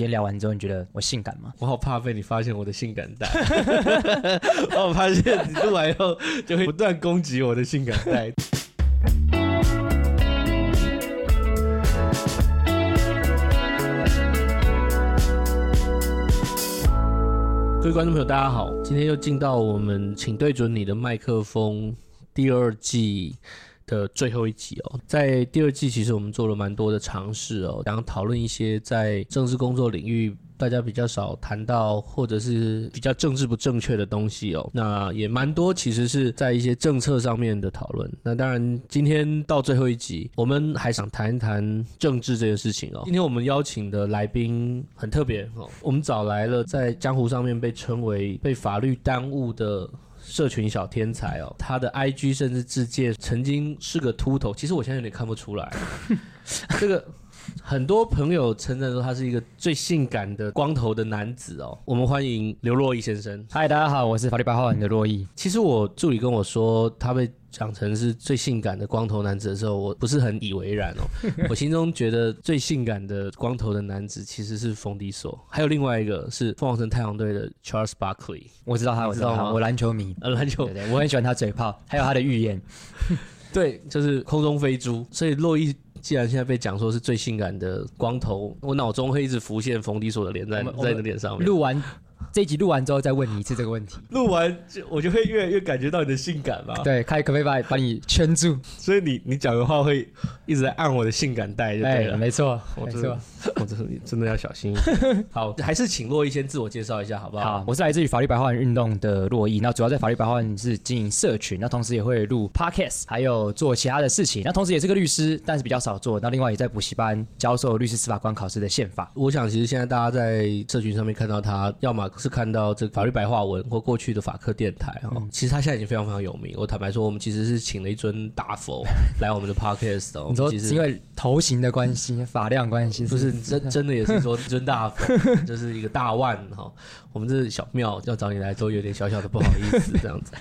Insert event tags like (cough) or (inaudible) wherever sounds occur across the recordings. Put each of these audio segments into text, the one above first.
今天聊完之後，你覺得我性感嗎？我好怕被你發現我的性感帶 (laughs) (laughs) 我好怕我發現你出來以後，就會不斷攻擊我的性感帶。 (laughs) 各位觀眾朋友，大家好，今天又進到我們，請對準你的麥克風第二季。的最後一集哦，在第二季其實我們做了蠻多的嘗試哦，想討論一些在政治工作領域大家比較少談到，或者是比較政治不正確的東西哦。那也蠻多，其實是在一些政策上面的討論。那當然，今天到最後一集，我們還想談一談政治這個事情哦。今天我們邀請的來賓很特別哦，我們找來了在江湖上面被稱為被法律耽誤的。社群小天才哦，他的 I G 甚至自薦曾經是個禿頭，其實我現在有點看不出來。 (laughs) 這個很多朋友稱讚說他是一個最性感的光頭的男子哦。我們歡迎劉珞亦先生。嗨，大家好，我是法律白話文的珞亦、嗯、其實我助理跟我說，他被。講成是最性感的光頭男子的時候，我不是很以為然哦。 (laughs) 我心中覺得最性感的光頭的男子其實是馮迪索，還有另外一個是鳳凰城太陽隊的 Charles Barkley。我知道，知道他，我知道他，他我籃球迷，籃、呃、球對對，我很喜歡他嘴炮， (laughs) 還有他的預言。 (laughs) 對，就是空中飛豬。所以珞亦既然現在被講說是最性感的光頭，我腦中會一直浮現馮迪索的臉在在你的臉上面。錄完。這一集錄完之後再問你一次這個問題。錄完就我就會越來越感覺到你的性感吧 (laughs) 對，開可不可以把你圈住？所以你你講的話會一直在按我的性感帶，就對了。沒、欸、錯，沒錯，我這是真，真的要小心一點。 (laughs) 好，還是請珞亦先自我介紹一下好不好？好，我是來自於法律白話文運動的珞亦，那主要在法律白話是經營社群，那同時也會錄 podcast，還有做其他的事情。那同時也是個律師，但是比較少做。那另外也在補習班教授律師司法官考試的憲法。我想其實現在大家在社群上面看到他，要麼。是看到這個法律白話文或過去的法客電台哈、嗯，其實他現在已經非常非常有名。我坦白說，我們其實是請了一尊大佛來我們的 podcast， (laughs) 你說是因為其實頭型的關係、髮量關係，不是真的真的也是說尊大佛， (laughs) 就是一個大腕哈。 (laughs) 喔我們這是小廟，要找你來都有點小小的不好意思這樣子。 (laughs)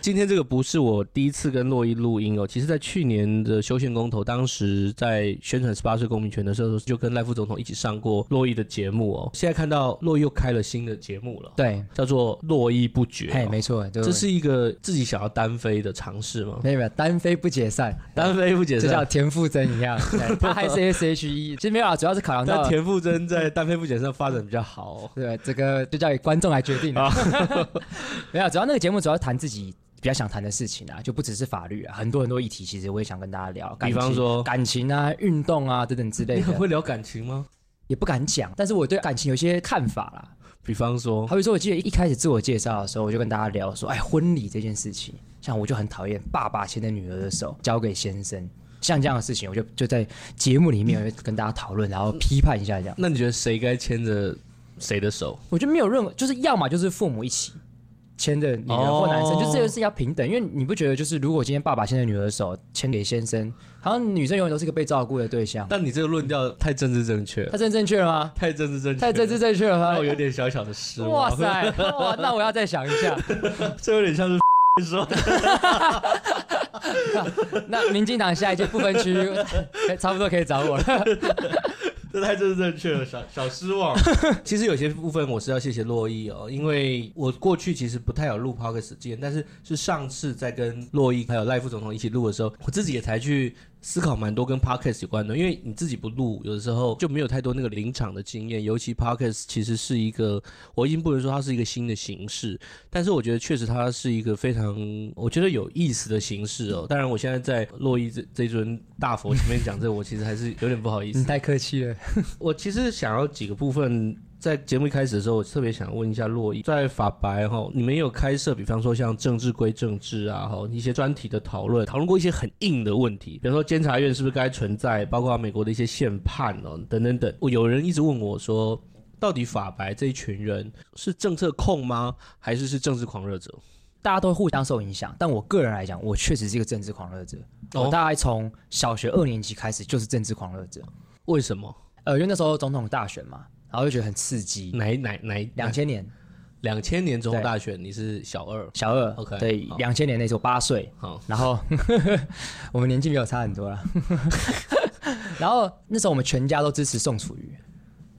今天這個不是我第一次跟洛伊錄音哦，其實在去年的修憲公投，當時在宣傳十八歲公民權的時候，就跟賴副總統一起上過洛伊的節目哦。現在看到洛伊又開了新的節目了，對，叫做《絡繹不絕》哦。哎，沒錯對，這是一個自己想要單飛的嘗試嗎？沒有，沒有，單飛不解散，單飛不解散， (laughs) 就像田馥甄一樣對，他還是 SHE。 (laughs) 其實沒有啊，主要是考量到田馥甄在單飛不解散發展比較好哦。 (laughs) 對，這個就叫，觀眾來決定啊， (laughs) 沒有，主要那個節目主要談自己比較想談的事情啊，就不只是法律啊，很多很多議題，其實我也想跟大家聊。比方說感情，感情啊、運動啊等等之類的。你很會聊感情嗎？也不敢講，但是我對感情有些看法啦。比方說，好比說，我記得一開始自我介紹的時候，我就跟大家聊說，哎，婚禮這件事情，像我就很討厭爸爸牽着女兒的手交給先生，像這樣的事情，我就就在節目裡面我就跟大家討論、嗯，然後批判一下這樣。那你覺得誰該牽着？誰的手？我就沒有任何，就是要麼就是父母一起牽着女兒或男生，哦、就是這個是要平等。因為你不覺得，就是如果今天爸爸牽着女兒的手牽給先生，好像女生永遠都是個被照顧的對象。但你這個論調太政治正確，太政治正確了嗎？太政治正太政治正確了，了嗎？我有點小小的失望。哇塞， (laughs) 哇，那我要再想一下，這 (laughs) 有點像是你說 (laughs) (laughs) 那，那民進黨下一屆不分區，差不多可以找我了。 (laughs) 這太正正確了，小小失望。 (laughs) 其實有些部分我是要謝謝珞亦哦，因為我過去其實不太有錄 podcast 的經驗，但是是上次在跟珞亦還有賴副總統一起錄的時候，我自己也才去思考蠻多跟 podcast 有關的。因為你自己不錄，有的時候就沒有太多那個臨場的經驗。尤其 podcast 其實是一個，我已經不能說它是一個新的形式，但是我覺得確實它是一個非常我覺得有意思的形式哦。當然，我現在在珞亦這這一尊大佛前面講這， (laughs) 我其實還是有點不好意思。嗯，太客氣了。 (laughs) 我其實想要幾個部分，在節目一開始的時候，我特別想問一下珞亦，在法白哈，你們也有開設，比方說像政治歸政治啊，哈一些專題的討論，討論過一些很硬的問題，比如說監察院是不是該存在，包括美國的一些憲判哦，等等等。我有人一直問我說，到底法白這一群人是政策控嗎，還是是政治狂熱者？大家都會互相受影響，但我個人來講，我確實是一個政治狂熱者。我大概從小學二年級開始就是政治狂熱者，哦、為什麼？呃，因為那時候總統大選嘛，然後就覺得很刺激。哪哪哪？兩千年，兩千年總統大選，你是小二，小二，OK？對，兩、哦、千年那時候八歲、哦，然後 (laughs) 我們年紀沒有差很多啦。 (laughs) (laughs) (laughs) 然後那時候我們全家都支持宋楚瑜，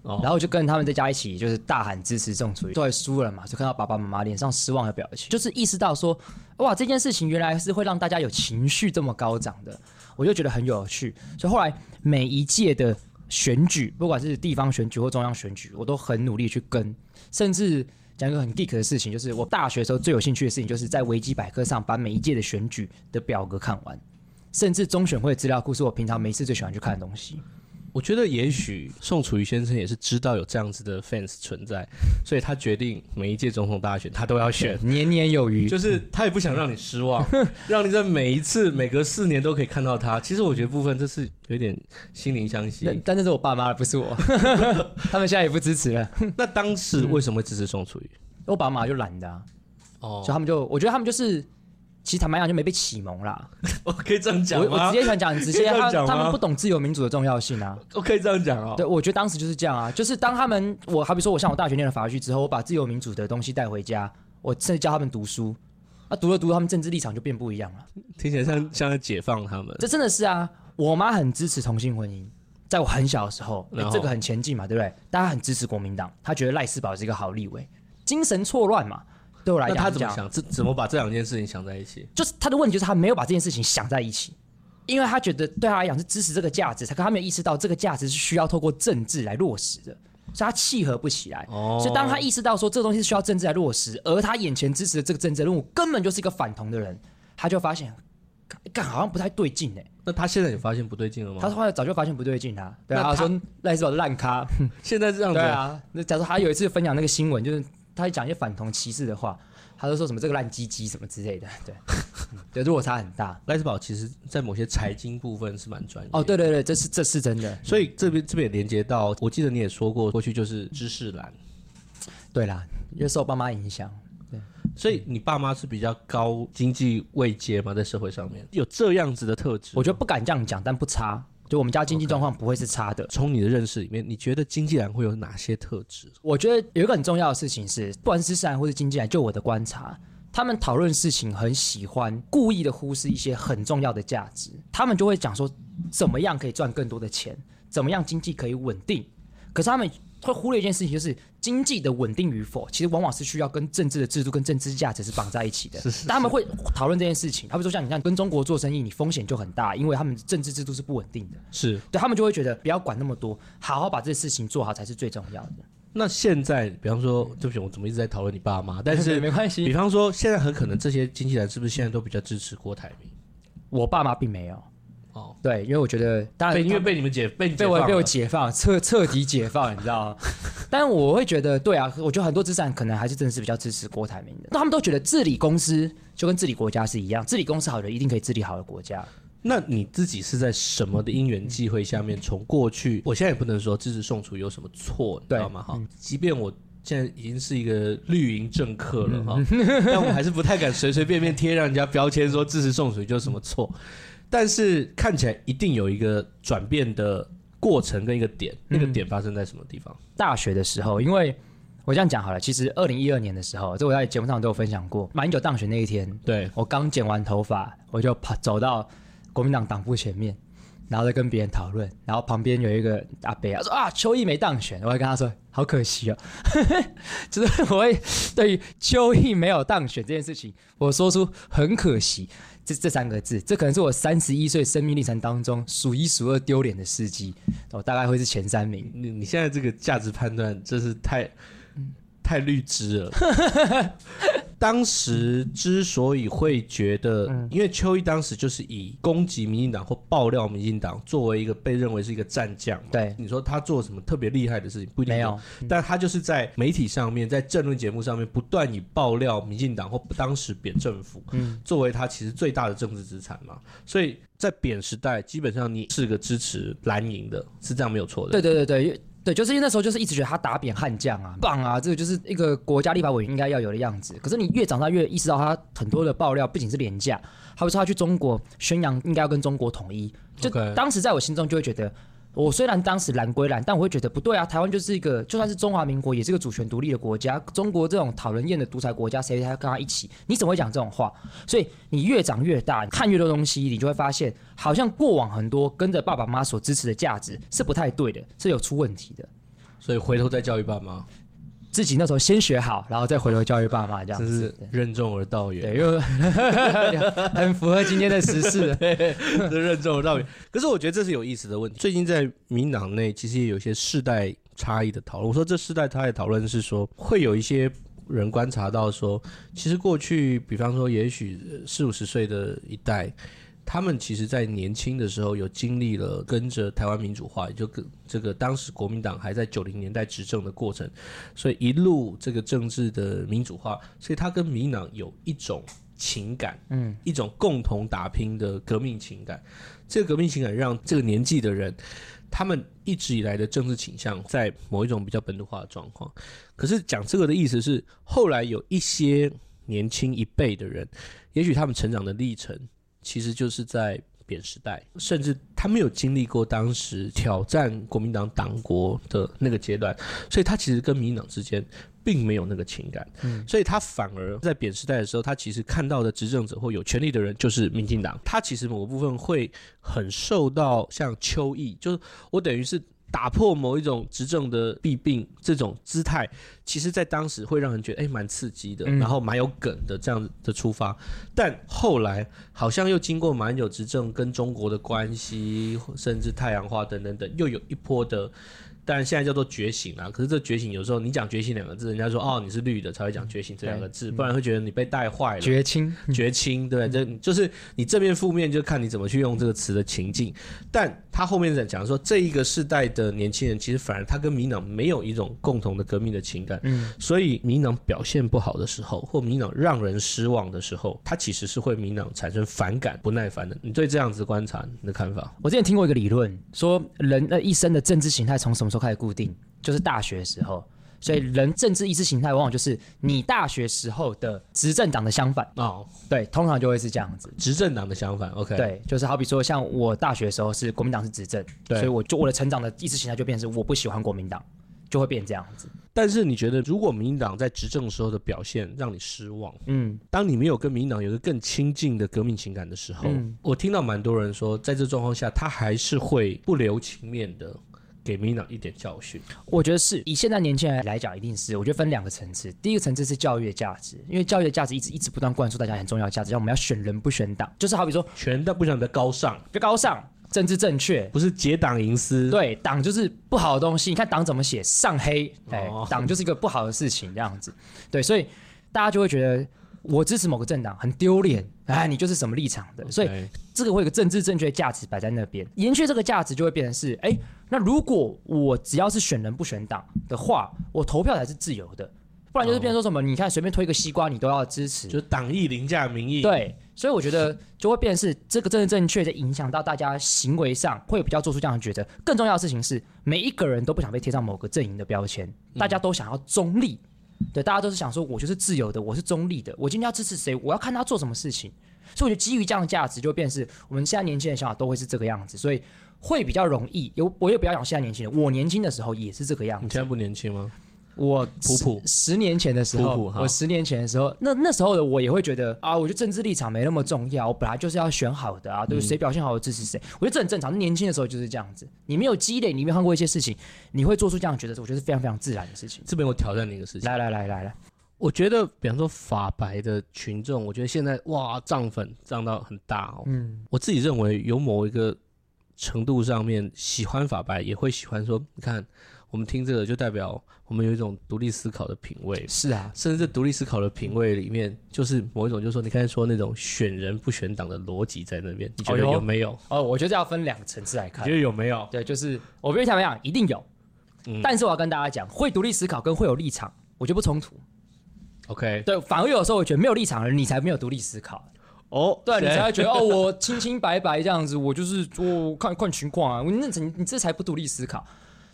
哦、然後就跟他們在家一起就是大喊支持宋楚瑜，對，輸了嘛，就看到爸爸媽媽臉上失望的表情，就是意識到說，哇，這件事情原來是會讓大家有情緒這麼高漲的，我就覺得很有趣。所以後來每一屆的。選舉，不管是地方選舉或中央選舉，我都很努力去跟。甚至講一個很 geek 的事情，就是我大學時候最有興趣的事情，就是在維基百科上把每一屆的選舉的表格看完，甚至中選會資料庫是我平常沒事最喜歡去看的東西。嗯我覺得也許宋楚瑜先生也是知道有這樣子的 fans 存在，所以他決定每一屆總統大選他都要選，年年有餘，就是他也不想讓你失望，嗯、讓你在每一次、嗯、每隔四年都可以看到他。其實我覺得部分這是有點心靈相惜，但那是我爸媽，不是我， (laughs) 他們現在也不支持了。那當時為什麼會支持宋楚瑜？嗯、我爸媽就懶的啊，哦，所以他們就，我覺得他們就是。其實坦白講就沒被啟蒙啦， (laughs) 我可以這樣講。我我直接想講，直接他他們不懂自由民主的重要性啊。 (laughs) 我可以這樣講啊、哦，對，我覺得當時就是這樣啊，就是當他們我好比說，我上我大學念了法律之後，我把自由民主的東西帶回家，我在教他們讀書那、啊、讀了讀，他們政治立場就變不一樣了。聽起來像像在解放他們、啊，這真的是啊。我媽很支持同性婚姻，在我很小的時候，欸、這個很前進嘛，對不對？大家很支持國民黨，她覺得賴士葆是一個好立委，精神錯亂嘛。對我來講，他怎麼想？怎麼把這兩件事情想在一起？就是他的問題就是他沒有把這件事情想在一起，因為他覺得對他來講是支持這個價值，他他沒有意識到這個價值是需要透過政治來落實的，所以他契合不起來。哦、所以當他意識到說這個東西是需要政治來落實，而他眼前支持的這個政治任務根本就是一個反同的人，他就發現，幹，好像不太對勁呢、欸。那他現在也發現不對勁了嗎？他後來早就發現不對勁他、啊、那他，他說賴士葆爛咖， (laughs) 現在這樣子對啊？那假如他有一次分享那個新聞，就是。他講一些反同歧視的話，他就說什麼“這個爛雞雞”什麼之類的，對，嗯、 (laughs) 對，落差很大。賴士葆其實在某些財經部分是蠻專業的。哦，對對對，這是這是真的。所以、嗯、這邊這邊也連接到，我記得你也說過，過去就是知識藍，對啦，因、嗯、為受爸媽影響，對，所以你爸媽是比較高經濟位階嘛，在社會上面有這樣子的特質，我就不敢這樣講，但不差。所以，我們家經濟狀況不會是差的。Okay. 從你的認識裡面，你覺得經濟人會有哪些特質？我覺得有一個很重要的事情是，不管是自然或是經濟人，就我的觀察，他們討論事情很喜歡故意的忽視一些很重要的價值，他們就會講說，怎麼樣可以賺更多的錢，怎麼樣經濟可以穩定，可是他們會忽略一件事情，就是經濟的穩定與否，其實往往是需要跟政治的制度跟政治價值是綁在一起的。是，是，是，是，但他們會討論這件事情，他們說像你看跟中國做生意，你風險就很大，因為他們政治制度是不穩定的。是。對，他們就會覺得不要管那麼多，好好把這事情做好才是最重要的。那現在，比方說，對不起，我怎麼一直在討論你爸媽？但是 (laughs) 沒關係。比方說，現在很可能這些經紀人是不是現在都比較支持郭台銘？我爸媽並沒有。哦，對，因為我覺得，當然，因為被你們解被解放被我被我解放徹徹底解放， (laughs) 你知道嗎？但我會覺得，對啊，我覺得很多知識藍可能還是真的是比較支持郭台銘的，那他們都覺得治理公司就跟治理國家是一樣，治理公司好的一定可以治理好的國家。那你自己是在什麼的因緣際會下面，從、嗯、過去我現在也不能說支持宋楚瑜有什麼錯，你知道嗎？哈、嗯，即便我現在已經是一個綠營政客了哈、嗯，但我還是不太敢隨隨便便貼讓人家標籤，說支持宋楚瑜就什麼錯。但是看起來一定有一個轉變的過程跟一個點，那、嗯、個點發生在什麼地方？大學的時候，因為我這樣講好了，其實二零一二年的時候，這我在節目上都有分享過，馬英九當選那一天，對我剛剪完頭髮，我就跑走到國民黨黨部前面。然後再跟別人討論，然後旁邊有一個阿伯啊說啊，邱毅沒當選，我會跟他說好可惜哦， (laughs) 就是我會對於邱毅沒有當選這件事情，我說出很可惜這這三個字，這可能是我三十一歲生命歷程當中數一數二丟臉的事蹟哦，大概會是前三名。你你現在這個價值判斷真是太。太綠之了。 (laughs) 當時之所以會覺得，嗯、因為邱毅當時就是以攻擊民進黨或爆料民進黨作為一個被認為是一個戰將。對，你說他做什麼特別厲害的事情不一定有，沒有，但他就是在媒體上面，在政論節目上面不斷以爆料民進黨或當時扁政府，嗯，作為他其實最大的政治資產嘛。所以在扁時代，基本上你是個支持藍營的，是這樣沒有錯的。對對對對。對，就是因為那時候就是一直覺得他打扁悍將啊，棒啊，這個就是一個國家立法委員應該要有的樣子。可是你越長大越意識到，他很多的爆料不僅是廉價，還會說他去中國宣揚應該要跟中國統一。Okay. 就當時在我心中就會覺得。我雖然當時藍歸藍，但我會覺得不對啊！台灣就是一個，就算是中華民國，也是一個主權獨立的國家。中國這種討人厭的獨裁國家，誰還要跟他一起？你怎麼會講這種話？所以你越長越大，看越多東西，你就會發現，好像過往很多跟着爸爸媽媽所支持的價值是不太對的，是有出問題的。所以回頭再教育爸媽。自己那時候先學好，然後再回頭教育爸爸。這樣子。真是任重而道遠。對，因為 (laughs) (laughs) 很符合今天的時事。任、 (laughs) 就是、重而道遠。可是我覺得這是有意思的問題。 (laughs) 最近在民黨內，其實也有一些世代差異的討論。我說這世代差異討論是說，會有一些人觀察到說，其實過去，比方說，也許四五十歲的一代。他們其實，在年輕的時候有經歷了跟着台灣民主化，也就跟這個當時國民黨還在九零年代執政的過程，所以一路這個政治的民主化，所以他跟民黨有一種情感，嗯，一種共同打拼的革命情感。這個革命情感讓這個年紀的人，他們一直以來的政治傾向，在某一種比較本土化的狀況。可是講這個的意思是，後來有一些年輕一輩的人，也許他們成長的歷程。其實就是在扁時代，甚至他沒有經歷過當時挑戰國民黨黨國的那個階段，所以他其實跟民黨之間並沒有那個情感、嗯，所以他反而在扁時代的時候，他其實看到的執政者或有權力的人就是民進黨，嗯、他其實某個部分會很受到像邱毅，就是我等於是打破某一種執政的弊病，這種姿態，其實在當時會讓人覺得誒蠻、欸、刺激的，然後蠻有梗的這樣的出發。嗯、但後來好像又經過馬英九執政跟中國的關係，甚至太陽花等等等，又有一波的。但現在叫做覺醒啊，可是這覺醒有時候你講覺醒兩個字，人家說哦，你是綠的才會講覺醒這兩個字，嗯，不然會覺得你被帶壞了。覺醒，覺醒，對吧，這、嗯、就，就是你正面負面就看你怎麼去用這個詞的情境。但他後面在講說，這一個世代的年輕人其實反而他跟民進黨沒有一種共同的革命的情感，嗯，所以民進黨表現不好的時候，或民進黨讓人失望的時候，他其實是會民進黨產生反感、不耐煩的。你對這樣子觀察你的看法？我之前聽過一個理論，說人的一生的政治形態從什麼？都開始固定，就是大學時候，所以人政治意識形態往往就是你大學時候的執政黨的相反哦，對，通常就會是這樣子，執政黨的相反，OK，對，就是好比說像我大學時候是國民黨是執政，對，所以我就我的成長的意識形態就變成我不喜歡國民黨，就會變這樣子。但是你覺得如果民進黨在執政時候的表現讓你失望，嗯，當你沒有跟民進黨有個更親近的革命情感的時候，嗯、我聽到蠻多人說，在這狀況下他還是會不留情面的。給民進黨一點教訓，我覺得是以現在年輕人來講，一定是我覺得分兩個層次。第一個層次是教育的價值，因為教育的價值一直一直不斷灌輸大家很重要的價值，我們要選人不選黨，就是好比說選人不選的高尚，就高尚政治正確，不是結黨營私。對，黨就是不好的東西。你看黨怎麼寫，上黑，黨、哦、就是一個不好的事情這樣子。對，所以大家就會覺得。我支持某個政黨很丟臉，哎，你就是什麼立場的？Okay. 所以這個會有個政治正確價值擺在那邊，延續這個價值就會變成是，哎、欸，那如果我只要是選人不選黨的話，我投票才是自由的，不然就是變成說什麼？Oh. 你看隨便推個西瓜，你都要支持，就是黨意凌駕民意。對，所以我覺得就會變成是這個政治正確的影響到大家行為上會比較做出這樣的抉擇。更重要的事情是，每一個人都不想被貼上某個陣營的標籤、嗯，大家都想要中立。對，大家都是想說，我就是自由的，我是中立的，我今天要支持誰，我要看他做什麼事情。所以我覺得基於這樣的價值，就變是我們現在年輕人想法都會是這個樣子，所以會比較容易。有，我也不要講現在年輕人，我年輕的時候也是這個樣子。你現在不年輕嗎？我十普普十年前的時候普普，我十年前的時候，那那時候的我也會覺得啊，我覺得政治立場沒那麼重要，我本來就是要選好的啊，對不對，誰、嗯、表現好我支持誰，我覺得這很正常。年輕的時候就是這樣子，你沒有積累，你沒有看過一些事情，你會做出這樣覺得。我覺得是非常非常自然的事情。這邊我挑戰你一個事情，來來來來來，我覺得，比方說法白的群眾，我覺得現在哇漲粉漲到很大哦、喔，嗯，我自己認為有某一個程度上面喜歡法白，也會喜歡說，你看。我們聽這個就代表我們有一種獨立思考的品味，是啊，甚至獨立思考的品味裡面，就是某一種，就是說，你剛才說那種選人不選黨的邏輯在那邊，你覺得有沒有？哦，哦，我覺得要分兩個層次來看。你覺得有沒有？對，就是我跟你講一講，一定有、嗯。但是我要跟大家講，會獨立思考跟會有立場，我覺得不衝突。OK，對，反而有時候我覺得沒有立場的人，你才沒有獨立思考。哦，對，你才會覺得 (laughs) 哦，我清清白白這樣子，我就是我看看情況啊，那你這才不獨立思考。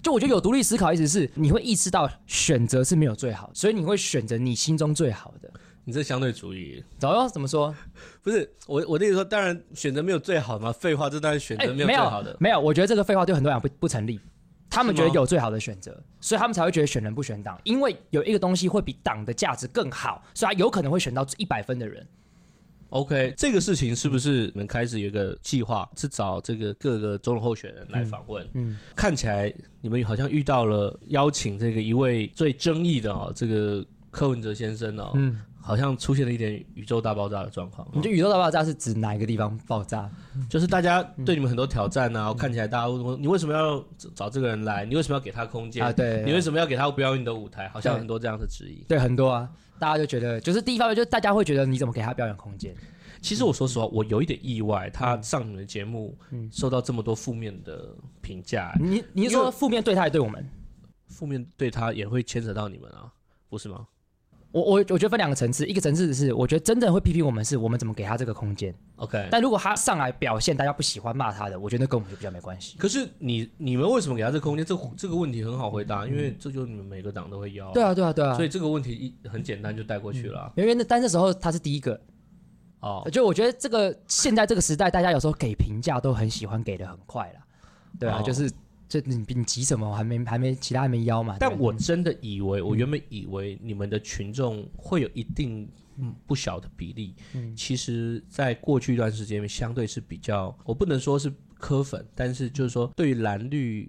就我覺得有獨立思考，意思是你會意識到選擇是沒有最好，所以你會選擇你心中最好的。你這相對主義，怎、哦、喲怎麼說？不是我我的意思說，當然選擇沒有最好的嘛，廢話，這當然選擇沒有最好的、欸沒。沒有，我覺得這個廢話對很多人不不成立，他們覺得有最好的選擇，所以他們才會覺得選人不選黨，因為有一個東西會比黨的價值更好，所以他有可能會選到一百分的人。OK，這個事情是不是你們開始有個計劃，是找這個各個總統候選人來訪問？嗯、嗯。看起來你們好像遇到了邀請這個一位最爭議的啊、哦，這個柯文哲先生哦。嗯好像出現了一點宇宙大爆炸的狀況。你覺得宇宙大爆炸是指哪一個地方爆炸？嗯、就是大家對你們很多挑戰啊，嗯、看起來大家都說，你為什麼要找這個人來？你為什麼要給他空間啊對？對，你為什麼要給他表演的舞台？好像很多這樣的質疑對。對，很多啊，大家就覺得，就是第一方面，就是大家會覺得你怎麼給他表演空間、嗯？其實我說實話，我有一點意外，他上你們的節目、嗯、受到這麼多負面的評價、欸。你，你是說負面對他，還對我們？負面對他也會牽扯到你們啊，不是嗎？我我我覺得分兩個層次，一個層次是我覺得真正會批評我們是我們怎麼給他這個空間，OK？但如果他上來表現，大家不喜歡罵他的，我覺得那跟我們就比較沒關係。可是你你們為什麼給他這個空間？這這個問題很好回答，嗯、因為這就是你們每個黨都會要，對啊對啊對啊！所以這個問題一很簡單就帶過去了，因、嗯、為那但那時候他是第一個哦，oh. 就我覺得這個現在這個時代，大家有時候給評價都很喜歡給的很快了，對啊，oh. 就是。這你你急什麼？我還沒還沒其他還沒邀嘛。但我真的以為、嗯，我原本以為你們的群眾會有一定不小的比例。嗯嗯、其實，在過去一段時間，相對是比較，我不能說是柯粉，但是就是說，對於藍綠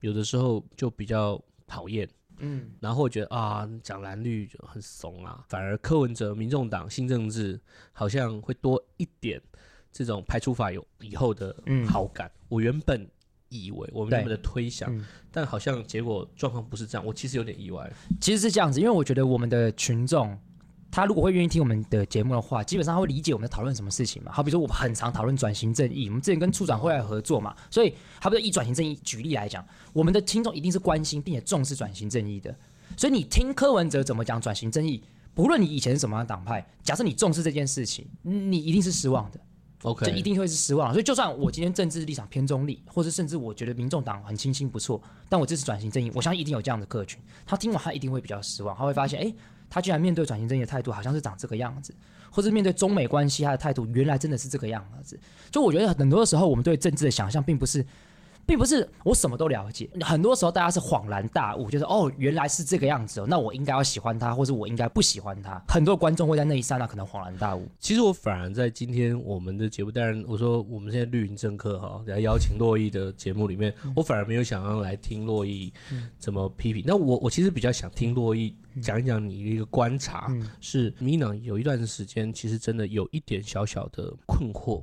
有的時候就比較討厭。嗯，然後我覺得啊，你講藍綠就很慫啊，反而柯文哲、民眾黨、新政治好像會多一點這種排除法有以後的好感。嗯、我原本。意味我們的推想、嗯，但好像結果狀況不是這樣，我其實有點意外。其實是這樣子，因為我覺得我們的群眾，他如果會願意聽我們的節目的話，基本上會理解我們的討論什麼事情嘛。好，比如說我很常討論轉型正義，我們之前跟促轉會來合作嘛，所以他不是以轉型正義舉例來講，我們的聽眾一定是關心並且重視轉型正義的。所以你聽柯文哲怎麼講轉型正義，不論你以前是什麼樣的黨派，假設你重視這件事情，你一定是失望的。這、okay. 一定會是失望，所以就算我今天政治立場偏中立，或者甚至我覺得民眾黨很清新不錯，但我支持轉型正義，我相信一定有這樣的客群，他聽完他一定會比較失望，他會發現，哎、欸，他居然面對轉型正義的態度好像是長這個樣子，或者面對中美關係他的態度原來真的是這個樣子，就我覺得很多的時候，我們對政治的想象並不是。並不是我什麼都了解，很多時候大家是恍然大悟，就是哦，原來是這個樣子哦，那我應該要喜歡他，或者我應該不喜歡他。很多觀眾會在那一剎那、啊、可能恍然大悟。其實我反而在今天我們的節目，當然我說我們現在綠營政客哈來邀請珞亦的節目裡面、嗯，我反而沒有想要來聽珞亦怎麼批評。那、嗯、我我其實比較想聽珞亦講一講你一個觀察、嗯、是，米娜有一段時間其實真的有一點小小的困惑，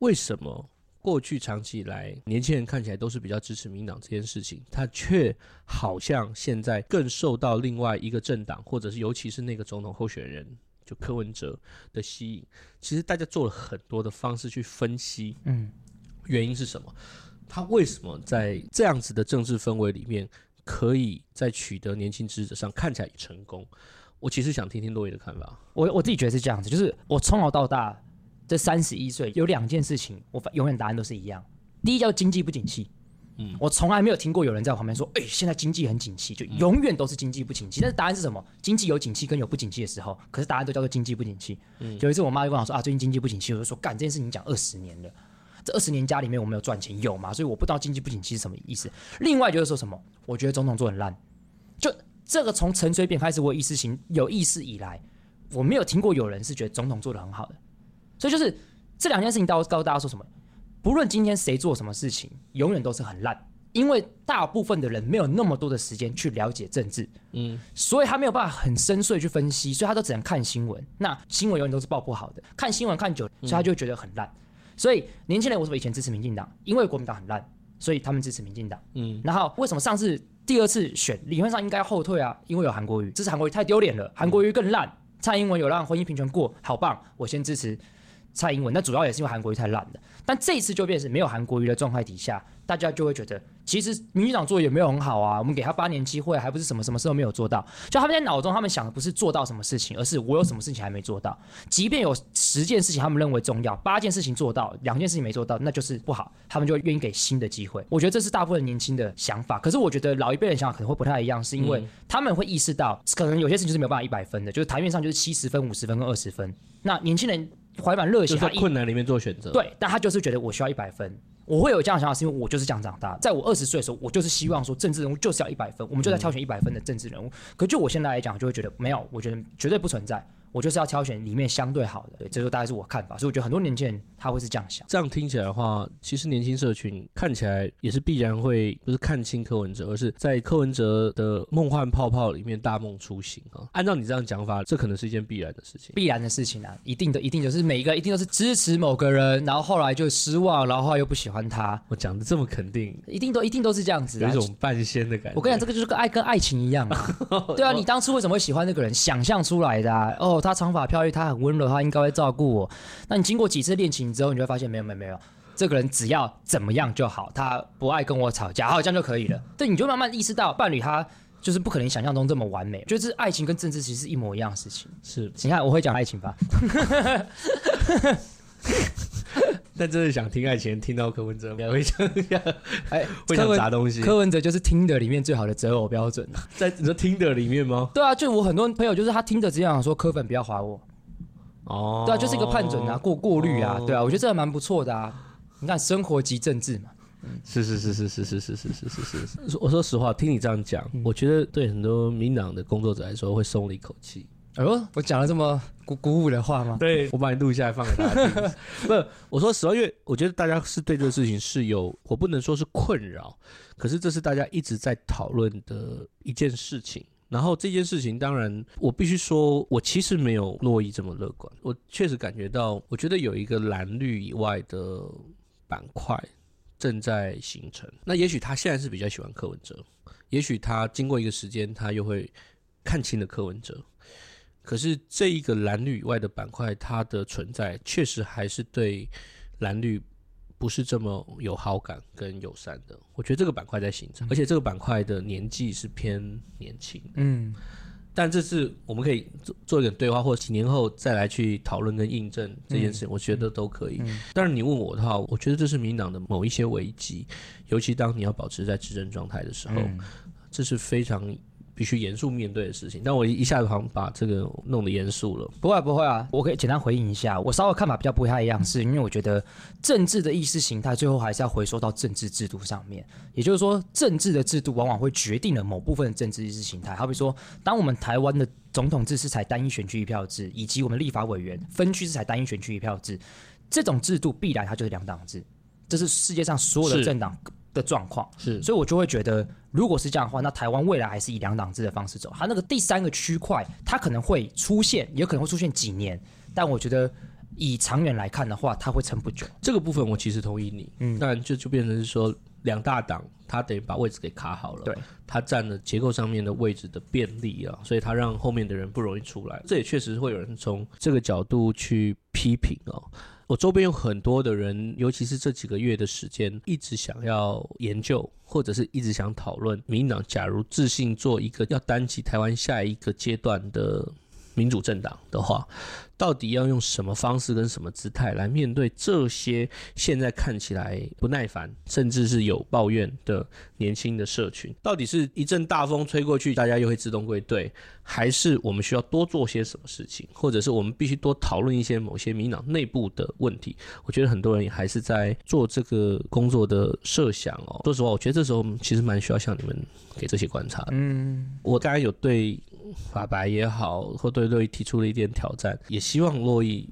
為什麼？過去長期以來，年輕人看起來都是比較支持民進黨這件事情，他卻好像現在更受到另外一個政黨，或者是尤其是那個總統候選人，就柯文哲的吸引。其實大家做了很多的方式去分析，嗯，原因是什麼？他、嗯、為什麼在這樣子的政治氛圍裡面，可以在取得年輕支持上看起來也成功？我其實想聽聽珞亦的看法。我我自己覺得是這樣子，就是我從小到大。三十一歲有兩件事情，我永遠答案都是一樣。第一叫經濟不景氣，嗯，我從來沒有聽過有人在我旁邊說，哎、欸，現在經濟很景氣，就永遠都是經濟不景氣、嗯。但是答案是什麼？經濟有景氣跟有不景氣的時候，可是答案都叫做經濟不景氣、嗯。有一次我媽就跟我說啊，最近經濟不景氣，我就說幹這件事情你講二十年了，這二十年家裡面我沒有賺錢，有嗎？所以我不知道經濟不景氣是什麼意思、嗯。另外就是說什麼？我覺得總統做很爛，就這個從陳水扁開始，我有意識行有意識以來，我沒有聽過有人是覺得總統做得很好的。所以就是這兩件事情，到告訴大家說什麼？不論今天誰做什麼事情，永遠都是很爛，因為大部分的人沒有那麼多的時間去了解政治，嗯，所以他沒有辦法很深邃去分析，所以他都只能看新聞。那新聞永遠都是爆不好的，看新聞看久了，所以他就會覺得很爛、嗯。所以年輕人為什麼以前支持民進黨？因為國民黨很爛，所以他們支持民進黨。嗯，然後為什麼上次第二次選理論上應該後退啊？因為有韓國瑜，支持韓國瑜太丟臉了，韓國瑜更爛、嗯。蔡英文有讓婚姻平權過，好棒，我先支持。蔡英文，那主要也是因為韓國瑜太爛了。但這一次就變成沒有韓國瑜的狀態底下，大家就會覺得，其實民進黨做也沒有很好啊。我們給他八年機會，還不是什麼什麼事都沒有做到。就他們在腦中，他們想的不是做到什麼事情，而是我有什麼事情還沒做到。即便有十件事情他們認為重要，八件事情做到，兩件事情沒做到，那就是不好，他們就願意給新的機會。我覺得這是大部分的年輕的想法。可是我覺得老一輩人想法可能會不太一樣，是因為他們會意識到，可能有些事情就是沒有辦法一百分的，嗯、就是台面上就是七十分、五十分跟二十分。那年輕人。懷滿熱血，就是、在困難裡面做選擇。對，但他就是覺得我需要一百分。 (noise) 我會有這樣想法，是因為我就是這樣長大。在我二十歲的時候，我就是希望說，政治人物就是要一百分，我們就在挑選一百分的政治人物。嗯、可就我現在來講，就會覺得沒有，我覺得絕對不存在。我就是要挑選裡面相對好的，對，這個大概是我看法，所以我覺得很多年輕人他會是這樣想。這樣聽起來的話，其實年輕社群看起來也是必然會不是看清柯文哲，而是在柯文哲的夢幻泡泡裡面大夢初醒啊。按照你這樣講法，這可能是一件必然的事情，必然的事情啊，一定的，一定就是每一個一定都是支持某個人，然後後來就失望，然後後來又不喜歡他。我講的這麼肯定，一定都一定都是這樣子的、啊，有一種半仙的感覺。我跟你講，這個就是跟愛跟愛情一樣啊。 (laughs) 對啊，你當初為什麼會喜歡那個人？ (laughs) 想象出來的、啊、哦。他長髮飄逸，他很溫柔，他應該會照顧我。那你經過幾次戀情之後，你就會發現沒有沒有沒有，這個人只要怎麼樣就好，他不愛跟我吵架，好像就可以了。對，你就慢慢意識到，伴侶他就是不可能想象中這麼完美。就是愛情跟政治其實是一模一樣的事情。是，你看我會講愛情吧。 (laughs) (laughs) (laughs) 但真是想聽愛情，聽到柯文哲，兩位想一下，哎、 (laughs) 欸，會想砸東西。柯文，柯文哲就是 Tinder 裡面最好的擇偶標準，啊、在你說 Tinder 裡面嗎？對啊，就我很多朋友，就是他聽着只想說柯粉不要劃我哦，對啊，就是一個判準啊，過過濾啊，哦，對啊，我覺得這還蠻不錯的啊。你看生活及政治嘛，是是，是是是是是是是是是是是。我說實話，聽你這樣講，嗯，我覺得對很多民進黨的工作者來說會鬆了一口氣。哎呦，我講了這麼。鼓鼓舞的話嗎？對，我把你錄下來放給大家聽。 (laughs) 不是，我說實話，我覺得大家是對這個事情是有，我不能說是困擾，可是這是大家一直在討論的一件事情。然後這件事情，當然，我必須說，我其實沒有珞亦這麼樂觀。我確實感覺到，我覺得有一個藍綠以外的板塊正在形成。那也許他現在是比較喜歡柯文哲，也許他經過一個時間，他又會看清了柯文哲。可是這一個藍綠以外的板塊，它的存在確實還是對藍綠不是這麼有好感跟友善的。我覺得這個板塊在形成，而且這個板塊的年紀是偏年輕。嗯，但這次我們可以做做一點對話，或者幾年後再來去討論跟印證這件事情，我覺得都可以。但是你問我的話，我覺得這是民進黨的某一些危機，尤其當你要保持在執政狀態的時候，這是非常。必須嚴肅面對的事情，但我一下子好像把這個弄得嚴肅了。不會啊，不會啊！我可以簡單回應一下，我稍微看法比較不太一樣，是因為我覺得政治的意識形態最後還是要回溯到政治制度上面。也就是說，政治的制度往往會決定了某部分的政治意識形態。好比說，當我們台灣的總統制是採單一選區一票制，以及我們立法委員分區是採單一選區一票制，這種制度必然它就是兩黨制。這是世界上所有的政黨。的狀況是，所以我就會覺得，如果是這樣的話，那台灣未來還是以兩黨制的方式走。它那個第三個區塊，它可能會出現，也可能會出現幾年，但我覺得以長遠來看的話，它會撐不久。這個部分我其實同意你，嗯，但這就變成是說兩大黨，它等於把位置給卡好了，對，它佔了結構上面的位置的便利啊、哦，所以它讓後面的人不容易出來。這也確實會有人從這個角度去批評哦。我週邊有很多的人，尤其是這幾個月的時間，一直想要研究，或者是一直想討論，民進黨假如自信做一個要擔起台灣下一個階段的民主政黨的話。到底要用什麼方式跟什麼姿態來面對這些現在看起來不耐煩，甚至是有抱怨的年輕的社群？到底是一陣大風吹過去，大家又會自動歸隊，還是我們需要多做些什麼事情，或者是我們必須多討論一些某些迷腦內部的問題？我覺得很多人也還是在做這個工作的設想哦。說實話，我覺得這時候其實蠻需要向你們給這些觀察的。嗯，我剛才有對。法白也好，或對珞亦提出了一點挑戰，也希望珞亦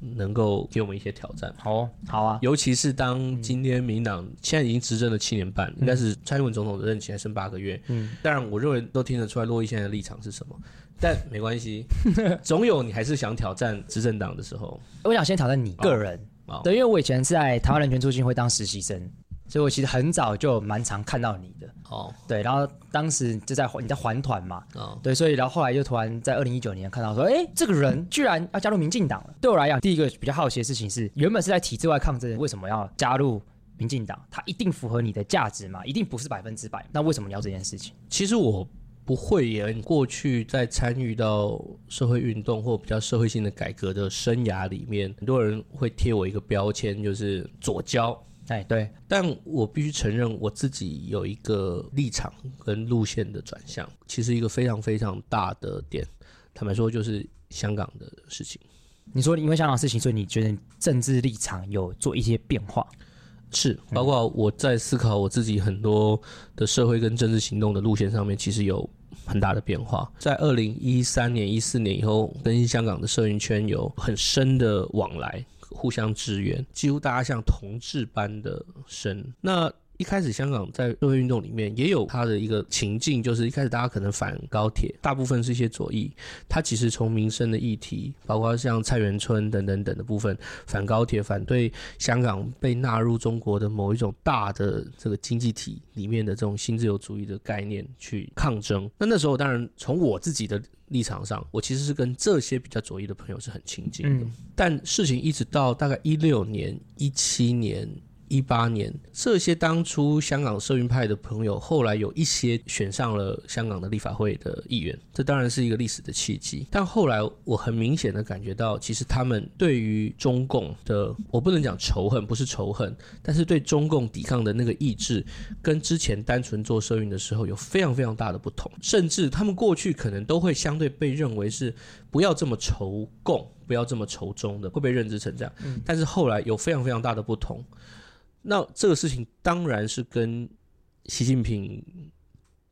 能夠給我們一些挑戰。好，哦，好啊，尤其是當今天民黨、嗯、現在已經執政了七年半，應、嗯、該是蔡英文總統的任期還剩八個月。嗯，當然我認為都聽得出來珞亦現在的立場是什麼，但沒關係， (laughs) 總有你還是想挑戰執政黨的時候。我想先挑戰你個人，對，哦，因、哦、為我以前在台灣人權促進會當實習生。所以我其實很早就蠻常看到你的哦，oh. 對，然後當時就在你在環團嘛，oh. 對，所以然後後來就突然在二零一九年看到說，哎，這個人居然要加入民進黨了。對我來講，第一個比較好奇的事情是，原本是在體制外抗爭，為什麼要加入民進黨？他一定符合你的價值嗎？一定不是百分之百？那為什麼你要這件事情？其實我不諱言過去在參與到社會運動或比較社會性的改革的生涯裡面，很多人會貼我一個標籤，就是左膠。哎，對，但我必須承認，我自己有一個立場跟路線的轉向，其實一個非常非常大的點，坦白說就是香港的事情。你說，因為香港的事情，所以你覺得你政治立場有做一些變化？是，包括我在思考我自己很多的社會跟政治行動的路線上面，其實有很大的變化。在二零一三年、一四年以後，跟香港的社運圈有很深的往來，互相支援，幾乎大家像同志般的生。那。一開始，香港在社會運動裡面也有它的一個情境，就是一開始大家可能反高鐵，大部分是一些左翼。它其實從民生的議題，包括像菜園村等等等的部分，反高鐵，反對香港被納入中國的某一種大的這個經濟體裡面的這種新自由主義的概念去抗爭。那那時候，當然從我自己的立場上，我其實是跟這些比較左翼的朋友是很親近的，嗯。但事情一直到大概一六年、一七年。一八年，這些當初香港社運派的朋友，後來有一些選上了香港的立法會的議員，這當然是一個歷史的契機。但後來，我很明顯的感覺到，其實他們對於中共的，我不能講仇恨，不是仇恨，但是對中共抵抗的那個意志，跟之前單純做社運的時候有非常非常大的不同。甚至他們過去可能都會相對被認為是不要這麼仇共，不要這麼仇中的，會被認知成這樣。但是後來有非常非常大的不同。那這個事情當然是跟習近平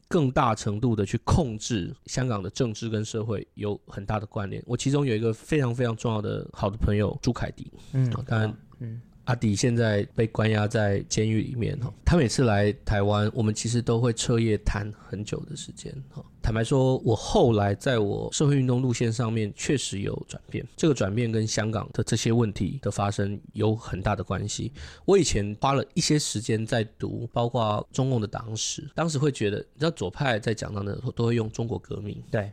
更大程度的去控制香港的政治跟社會有很大的關聯。我其中有一個非常非常重要的好的朋友朱凱迪，嗯，當然，嗯。阿迪現在被關押在監獄裡面。他每次來台灣，我們其實都會徹夜談很久的時間。坦白說，我後來在我社會運動路線上面確實有轉變，這個轉變跟香港的這些問題的發生有很大的關係。我以前花了一些時間在讀，包括中共的黨史，當時會覺得，你知道左派在講到的時候都會用中國革命對。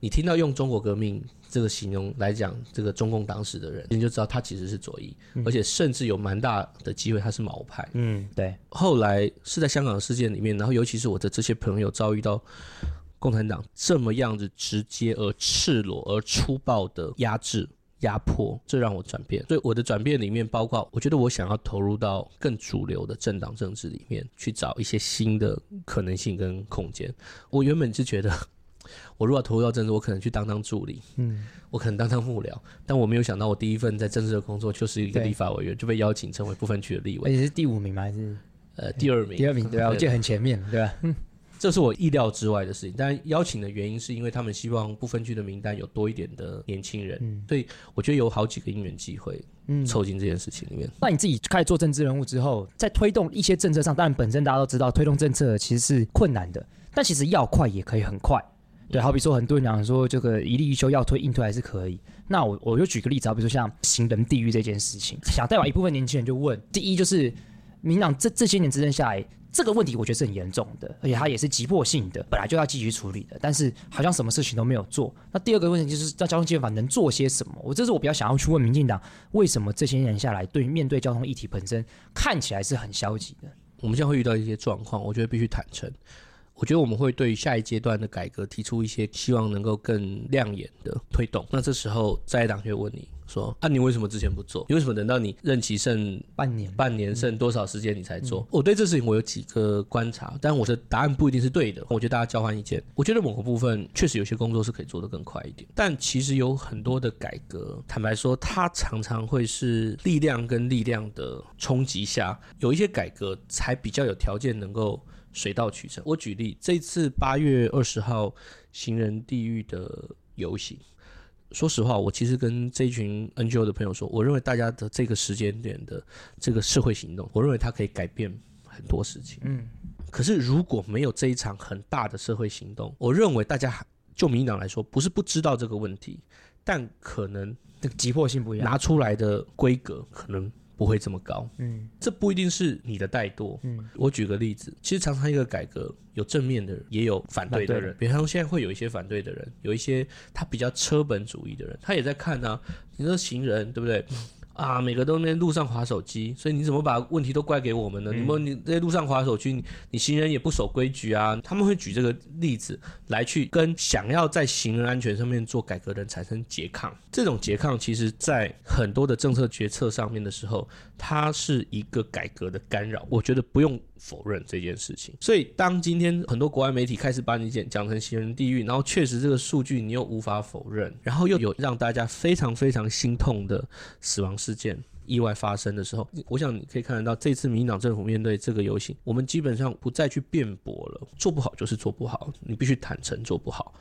你聽到用“中國革命”這個形容來講這個中共黨史的人，你就知道他其實是左翼，嗯、而且甚至有蠻大的機會他是毛派。嗯，對。後來是在香港事件裡面，然後尤其是我的這些朋友遭遇到共產黨這麼樣子直接而赤裸而粗暴的壓制壓迫，這讓我轉變。所以我的轉變裡面，包括我覺得我想要投入到更主流的政黨政治裡面去找一些新的可能性跟空間。我原本是覺得。我如果投入到政治，我可能去當當助理，嗯，我可能當當幕僚，但我沒有想到，我第一份在政治的工作就是一個立法委員，就被邀請成為不分區的立委。而且是第五名嗎？還是呃第二名？第二名對吧？我記得很前面，對，對，對，對吧、嗯？這是我意料之外的事情。但邀請的原因是因為他們希望不分區的名單有多一點的年輕人，嗯，所以我覺得有好幾個因緣機會，嗯，湊進這件事情裡面、嗯。那你自己開始做政治人物之後，在推動一些政策上，當然本身大家都知道，推動政策其實是困難的，但其實要快也可以很快。對，好比說很多人講說，這個一例一休要推硬推還是可以。那我我就舉個例子，好比說像行人地獄這件事情，想代表一部分年輕人就問：第一就是民黨這這些年執政下來，這個問題我覺得是很嚴重的，而且它也是急迫性的，本來就要積極處理的，但是好像什麼事情都沒有做。那第二個問題就是在交通基本法能做些什麼？我這是我比較想要去問民進黨，為什麼這些年下來對面對交通議題本身看起來是很消極的？我們現在會遇到一些狀況，我覺得必須坦誠。我覺得我們會對下一階段的改革提出一些希望能夠更亮眼的推動。那這時候在野黨就會問你說：“那、啊、你為什麼之前不做？你為什麼等到你任期剩半年，半年剩多少時間你才做、嗯嗯？”我對這事情我有幾個觀察，但我的答案不一定是對的。我覺得大家交換意見。我覺得某個部分確實有些工作是可以做得更快一點，但其實有很多的改革，坦白說，它常常會是力量跟力量的衝擊下，有一些改革才比較有條件能夠。水到渠成。我舉例，這次八月二十號行人地獄的遊行，說實話，我其實跟這群 NGO 的朋友說，我認為大家的這個時間點的這個社會行動，我認為它可以改變很多事情。嗯，可是如果沒有這一場很大的社會行動，我認為大家就民黨來說，不是不知道這個問題，但可能那個急迫性不一樣，拿出來的規格可能。不會這麼高，嗯，這不一定是你的怠惰。嗯，我舉個例子，其實常常一個改革有正面的人，也有反對的人。比方現在會有一些反對的人，有一些他比較車本主義的人，他也在看呢，啊。你說行人，對不對？嗯啊，每個都在路上滑手機，所以你怎麼把問題都怪給我們呢？嗯、你們你在路上滑手機，你行人也不守規矩啊！他們會舉這個例子來去跟想要在行人安全上面做改革的人產生拮抗。這種拮抗，其實在很多的政策決策上面的時候，它是一個改革的干擾。我覺得不用否認這件事情，所以當今天很多國外媒體開始把你講講成行人地獄，然後確實這個數據你又無法否認，然後又有讓大家非常非常心痛的死亡事件意外發生的時候，我想你可以看得到，這次民進黨政府面對這個遊行，我們基本上不再去辯駁了，做不好就是做不好，你必須坦誠做不好。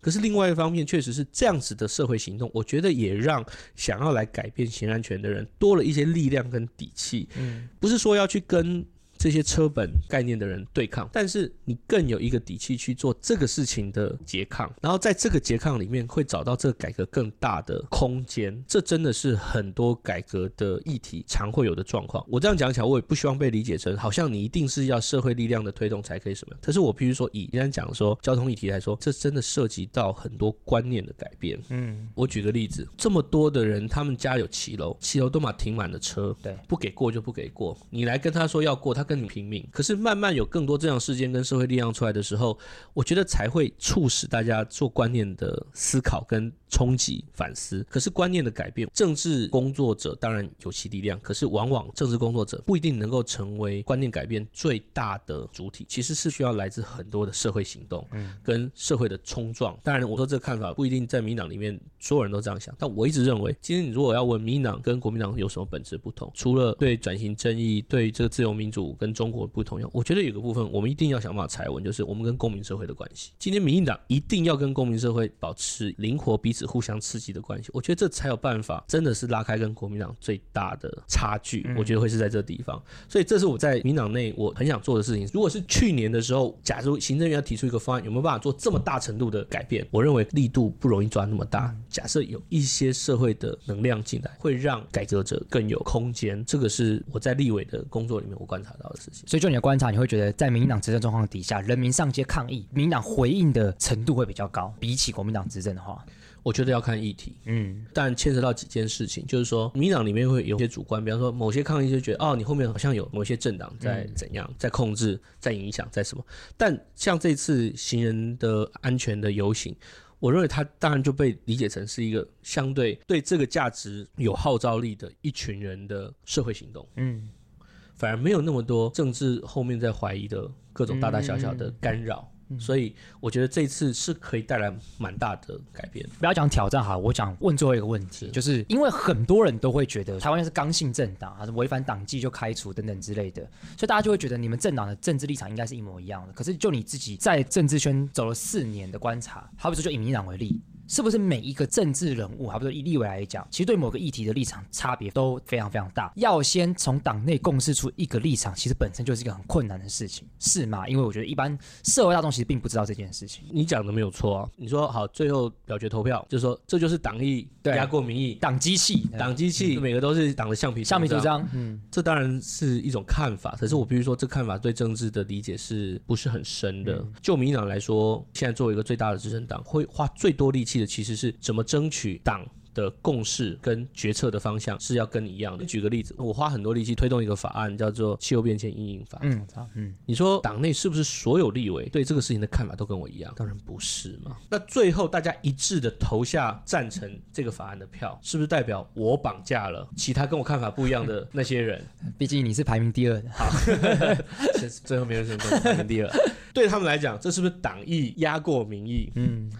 可是另外一方面，確實是這樣子的社會行動，我覺得也讓想要來改變行人安全的人多了一些力量跟底氣。嗯，不是說要去跟。這些車本概念的人對抗，但是你更有一個底氣去做這個事情的拮抗，然後在這個拮抗裡面會找到這個改革更大的空間。這真的是很多改革的議題常會有的狀況。我這樣講起來，我也不希望被理解成好像你一定是要社會力量的推動才可以什麼。可是我必須說，以人家講說交通議題來說，這真的涉及到很多觀念的改變。嗯，我舉個例子，這麼多的人，他們家有騎樓，騎樓都嘛停滿了車，對，不給過就不給過。你來跟他說要過，他。跟你拼命，可是慢慢有更多這樣事件跟社會力量出來的時候，我覺得才會促使大家做觀念的思考跟。衝擊反思，可是觀念的改變，政治工作者當然有其力量，可是往往政治工作者不一定能夠成為觀念改變最大的主體，其實是需要來自很多的社會行動，跟社會的衝撞、嗯。當然，我說這個看法不一定在民進黨裡面所有人都這樣想，但我一直認為，今天你如果要問民進黨跟國民黨有什麼本質不同，除了對轉型正義、對這個自由民主跟中國不同樣，我覺得有個部分我們一定要想辦法裁文，就是我們跟公民社會的關係。今天民進黨一定要跟公民社會保持靈活彼此。互相刺激的關係，我覺得這才有辦法，真的是拉開跟國民黨最大的差距。嗯、我覺得會是在這個地方，所以這是我在民黨內我很想做的事情。如果是去年的時候，假如行政院要提出一個方案，有沒有辦法做這麼大程度的改變？我認為力度不容易抓那麼大，嗯。假設有一些社會的能量進來，會讓改革者更有空間。這個是我在立委的工作裡面我觀察到的事情。所以就你的觀察，你會覺得在民黨執政狀況底下，人民上街抗議，民黨回應的程度會比較高，比起國民黨執政的話。我覺得要看議題，嗯，但牽涉到幾件事情，就是說，民黨裡面會有些主觀，比方說，某些抗議就覺得，哦，你後面好像有某些政黨在怎樣，在控制，在影響，在什麼。但像這次行人的安全的遊行，我認為他當然就被理解成是一個相對對這個價值有號召力的一群人的社會行動，嗯，反而沒有那麼多政治後面在懷疑的各種大大小小的干擾。所以我覺得這一次是可以帶來蠻大的改變。不要講挑戰哈，我想問最後一個問題，就是因為很多人都會覺得台灣是剛性政黨，還是違反黨紀就開除等等之類的，所以大家就會覺得你們政黨的政治立場應該是一模一樣的。可是就你自己在政治圈走了四年的觀察，好比說就以民黨為例。是不是每一個政治人物，還不如以立委來講，其實對某個議題的立場差別都非常非常大。要先從黨內共識出一個立場，其實本身就是一個很困難的事情，是嗎？因為我覺得一般社會大眾其實並不知道這件事情。你講的沒有錯啊，你說好，最後表決投票，就是說這就是黨意對，壓過民意，黨機器，黨機器，嗯、每個都是黨的橡皮圖章橡皮圖章。嗯，這當然是一種看法，可是我必須說，這看法對政治的理解是不是很深的？嗯、就民進黨來說，現在作為一個最大的執政黨，會花最多力氣。記得其實是怎麼爭取黨的共識跟決策的方向是要跟你一樣的。舉個例子，我花很多力氣推動一個法案，叫做《氣候變遷因應法》嗯。嗯，你說黨內是不是所有立委對這個事情的看法都跟我一樣？當然不是嘛。那最後大家一致的投下贊成這個法案的票，是不是代表我綁架了其他跟我看法不一樣的那些人？畢竟你是排名第二的，好 (laughs) (laughs) 最後沒有什麼東西 (laughs) 排名第二。對他們來講，這是不是黨意壓過民意？嗯。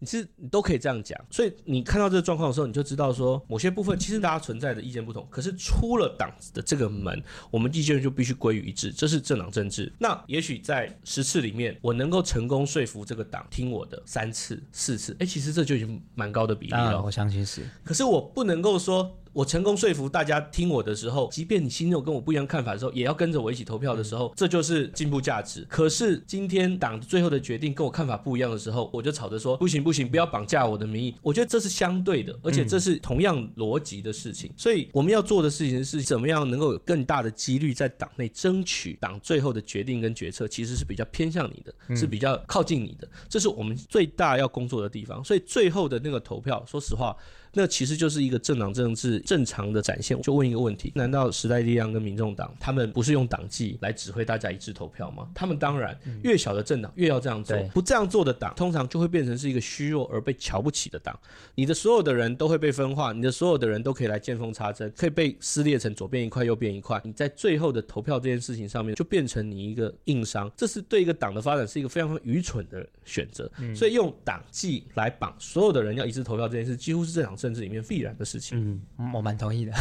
你是你都可以這樣講，所以你看到這個狀況的時候，你就知道說，某些部分其實大家存在的意見不同，可是出了黨的這個門，我們意見就必須歸於一致，這是政黨政治。那也許在十次裡面，我能夠成功說服這個黨聽我的三次、四次，哎、欸，其實這就已經蠻高的比例了。我相信是。可是我不能夠說。我成功說服大家聽我的時候，即便你心中跟我不一樣看法的時候，也要跟着我一起投票的時候，嗯、這就是進步價值。可是今天黨最後的決定跟我看法不一樣的時候，我就吵着說不行不行，不要綁架我的名義。我覺得這是相對的，而且這是同樣邏輯的事情、嗯。所以我們要做的事情是怎麼樣能夠有更大的幾率在黨內爭取黨最後的決定跟決策其實是比較偏向你的，是比較靠近你的，這是我們最大要工作的地方。所以最後的那個投票，說實話。那其實就是一個政黨政治正常的展現。我就問一個問題：難道時代力量跟民眾黨他們不是用黨紀來指揮大家一致投票嗎？他們當然，越小的政黨越要這樣做、嗯。不這樣做的黨，通常就會變成是一個虛弱而被瞧不起的黨。你的所有的人都會被分化，你的所有的人都可以來見縫插針，可以被撕裂成左邊一塊、右邊一塊。你在最後的投票這件事情上面，就變成你一個硬傷。這是對一個黨的發展是一個非常非常愚蠢的選擇、嗯。所以用黨紀來綁所有的人要一致投票這件事，幾乎是正常。政治裡面必然的事情，嗯，我蠻同意的。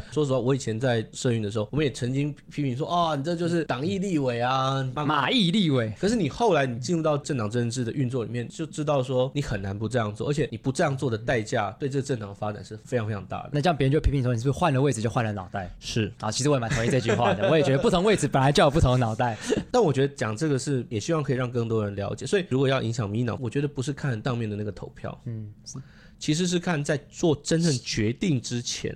(laughs) 說實話，我以前在社運的時候，我們也曾經批評說，啊、哦，你這就是黨意立委啊，嗯、馬意立委。可是你後來你進入到政黨政治的運作裡面，就知道說你很難不這樣做，而且你不這樣做的代價，對這個政黨的發展是非常非常大的。那這樣別人就批評說，你是不是換了位置就換了腦袋？是啊，其實我也蠻同意這句話的。 (laughs) 我也覺得不同位置本來就有不同的腦袋。 (laughs) 但我覺得講這個是也希望可以讓更多人了解。所以如果要影響民調，我覺得不是看當面的那個投票，嗯。其實是看在做真正決定之前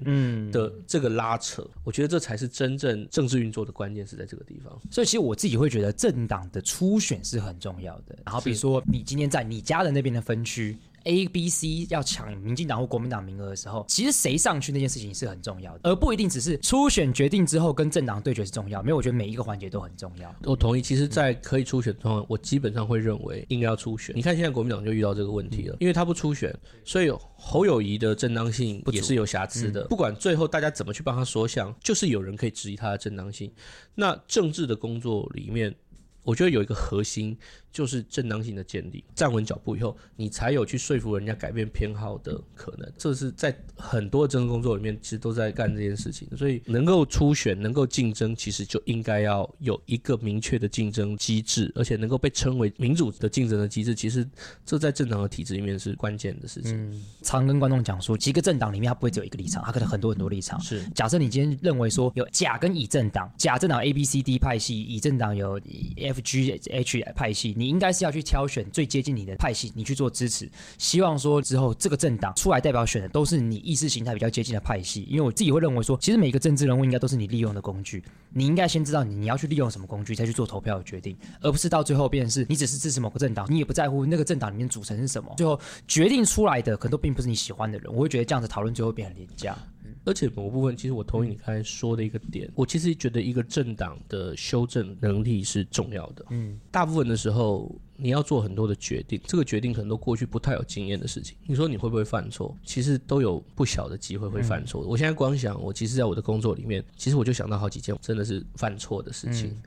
的這個拉扯，嗯，我覺得這才是真正政治運作的關鍵是在這個地方。所以其實我自己會覺得政黨的初選是很重要的。然後比如說你今天在你家人那邊的分區。A、B、C 要搶民進黨或國民黨名額的時候，其實誰上去那件事情是很重要的，而不一定只是初選決定之後跟政黨對決是重要。沒有，我覺得每一個環節都很重要。我同意，其實，在可以初選的時候，嗯、我基本上會認為應該要初選。你看現在國民黨就遇到這個問題了，嗯、因為他不初選，所以侯友宜的正當性也是有瑕疵的、嗯。不管最後大家怎麼去幫他設想，就是有人可以質疑他的正當性。那政治的工作裡面，我覺得有一個核心。就是正當性的建立，站穩腳步以後，你才有去說服人家改變偏好的可能。這是在很多政治工作裡面，其實都在幹這件事情。所以能夠初選，能夠競爭，其實就應該要有一個明確的競爭機制，而且能夠被稱為民主的競爭的機制。其實這在政黨的體制裡面是關鍵的事情。嗯，常跟觀眾講說，幾個政黨裡面他不會只有一個立場，他可能很多很多立場。是。假設你今天認為說有甲跟乙政黨，甲政黨 A B C D 派系，乙政黨有 F G H 派系。你應該是要去挑選最接近你的派系，你去做支持，希望說之後這個政黨出來代表選的都是你意識形態比較接近的派系。因為我自己會認為說，其實每個政治人物應該都是你利用的工具。你應該先知道你你要去利用什麼工具，才去做投票的決定，而不是到最後變成是你只是支持某個政黨，你也不在乎那個政黨裡面組成是什麼。最後決定出來的可能都並不是你喜歡的人。我會覺得這樣子討論最後變很廉價。而且某部分，其實我同意你剛才說的一個點。嗯。我其實覺得一個政黨的修正能力是重要的。嗯，大部分的時候，你要做很多的決定，這個決定可能都過去不太有經驗的事情。你說你會不會犯錯？其實都有不小的機會會犯錯的。嗯。我現在光想，我其實在我的工作裡面，其實我就想到好幾件真的是犯錯的事情。嗯。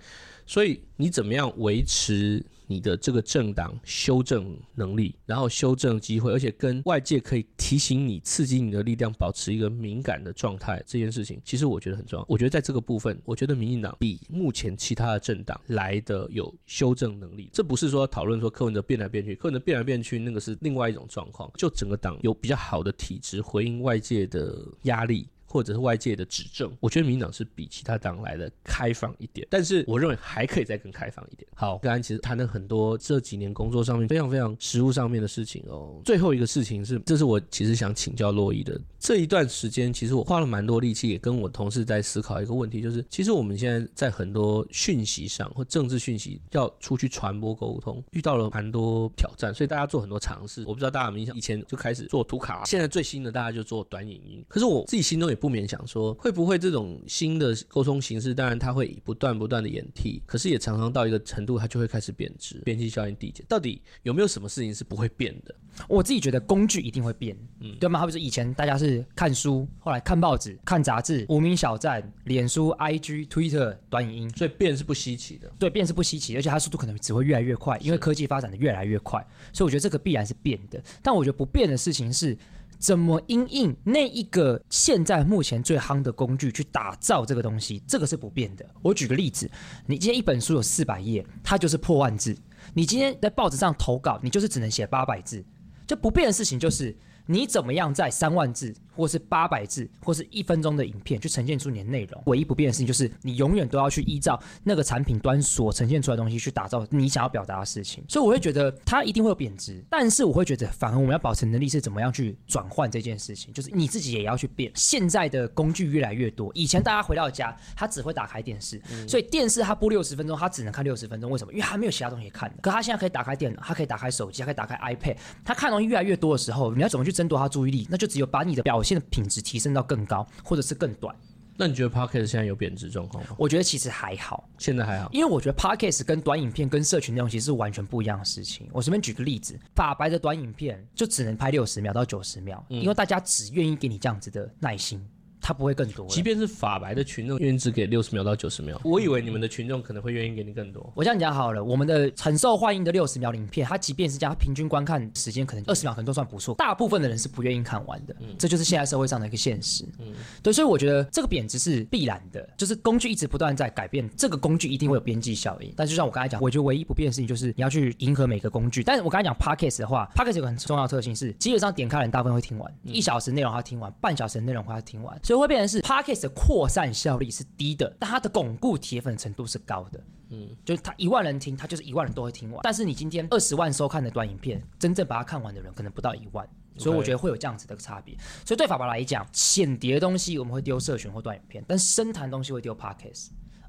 所以你怎麼樣維持？你的這個政黨修正能力，然後修正機會，而且跟外界可以提醒你、刺激你的力量，保持一個敏感的狀態，這件事情其實我覺得很重要。我覺得在這個部分，我覺得民進黨比目前其他的政黨來的有修正能力。這不是說討論說柯文哲變來變去，柯文哲變來變去那個是另外一種狀況。就整個黨有比較好的體質，回應外界的壓力。或者是外界的指正，我覺得民進黨是比其他黨來的開放一點，但是我認為還可以再更開放一點。好，剛剛其實談了很多這幾年工作上面非常非常實務上面的事情哦。最後一個事情是，這是我其實想請教珞亦的，這一段時間，其實我花了蠻多力氣，也跟我同事在思考一個問題，就是其實我們現在在很多訊息上或政治訊息要出去傳播溝通，遇到了蠻多挑戰，所以大家做很多嘗試。我不知道大家有沒有印象，以前就開始做圖卡，現在最新的大家就做短影音，可是我自己心中也。不免想說，會不會這種新的溝通形式？當然，它會不斷不斷的演替，可是也常常到一個程度，它就會開始貶值、邊際效應遞減。到底有沒有什麼事情是不會變的？我自己覺得工具一定會變，嗯，對嗎？好比說以前大家是看書，後來看報紙、看雜誌、無名小站、臉書、IG、Twitter、短影音，所以變是不稀奇的。對，變是不稀奇，而且它速度可能只會越來越快，因為科技發展的越來越快。所以我覺得這個必然是變的，但我覺得不變的事情是。怎麼因應那一個現在目前最夯的工具去打造這個東西？這個是不變的。我舉個例子，你今天一本書有四百頁，它就是破萬字；你今天在報紙上投稿，你就是只能寫八百字。就不變的事情就是，你怎麼樣在三萬字，或是八百字，或是一分鐘的影片，去呈現出你的內容。唯一不變的事情就是，你永遠都要去依照那個產品端所呈現出來的東西去打造你想要表達的事情。所以我會覺得它一定會有貶值，但是我會覺得，反而我們要保持能力是怎麼樣去轉換這件事情，就是你自己也要去變。現在的工具越來越多，以前大家回到家，他只會打開電視，嗯、所以電視他播六十分鐘，他只能看六十分鐘。為什麼？因為他沒有其他東西看的。可他現在可以打開電腦，他可以打開手機，他可以打開 iPad。他看東西越來越多的時候，你要怎麼去爭奪他注意力？那就只有把你的表。現在品質提升到更高，或者是更短。那你覺得 Podcast 現在有貶值狀況嗎？我覺得其實還好，現在還好，因為我覺得 Podcast 跟短影片跟社群內容其實是完全不一樣的事情。我隨便舉個例子，法白的短影片就只能拍六十秒到九十秒、嗯，因為大家只願意給你這樣子的耐心。它不會更多，即便是法白的群眾願意只給六十秒到九十秒、嗯。我以為你們的群眾可能會願意給你更多。我這樣講好了，我們的很受歡迎的六十秒影片，它即便是加平均觀看時間可能二十秒，可能都算不錯。大部分的人是不願意看完的、嗯，這就是現在社會上的一個現實，嗯，對。所以我覺得這個貶值是必然的，就是工具一直不斷在改變，這個工具一定會有邊際效應。但是就像我剛才講，我覺得唯一不變的事情就是你要去迎合每個工具。但是我剛才講 Podcast 的話，Podcast 有個很重要的特性是，基本上點開的人大部分會聽完、嗯、一小時內容他聽完，半小時內容他聽完，所以。都會變成是 p o c k e 的擴散效率是低的，但它的鞏固鐵粉程度是高的。嗯，就是他一萬人聽，他就是一萬人都會聽完。但是你今天二十萬收看的短影片，真正把它看完的人可能不到一萬，okay，所以我覺得會有這樣子的差別。所以對法爸來講，淺碟東西我們會丟社群或短影片，但深談東西會丟 p o c k e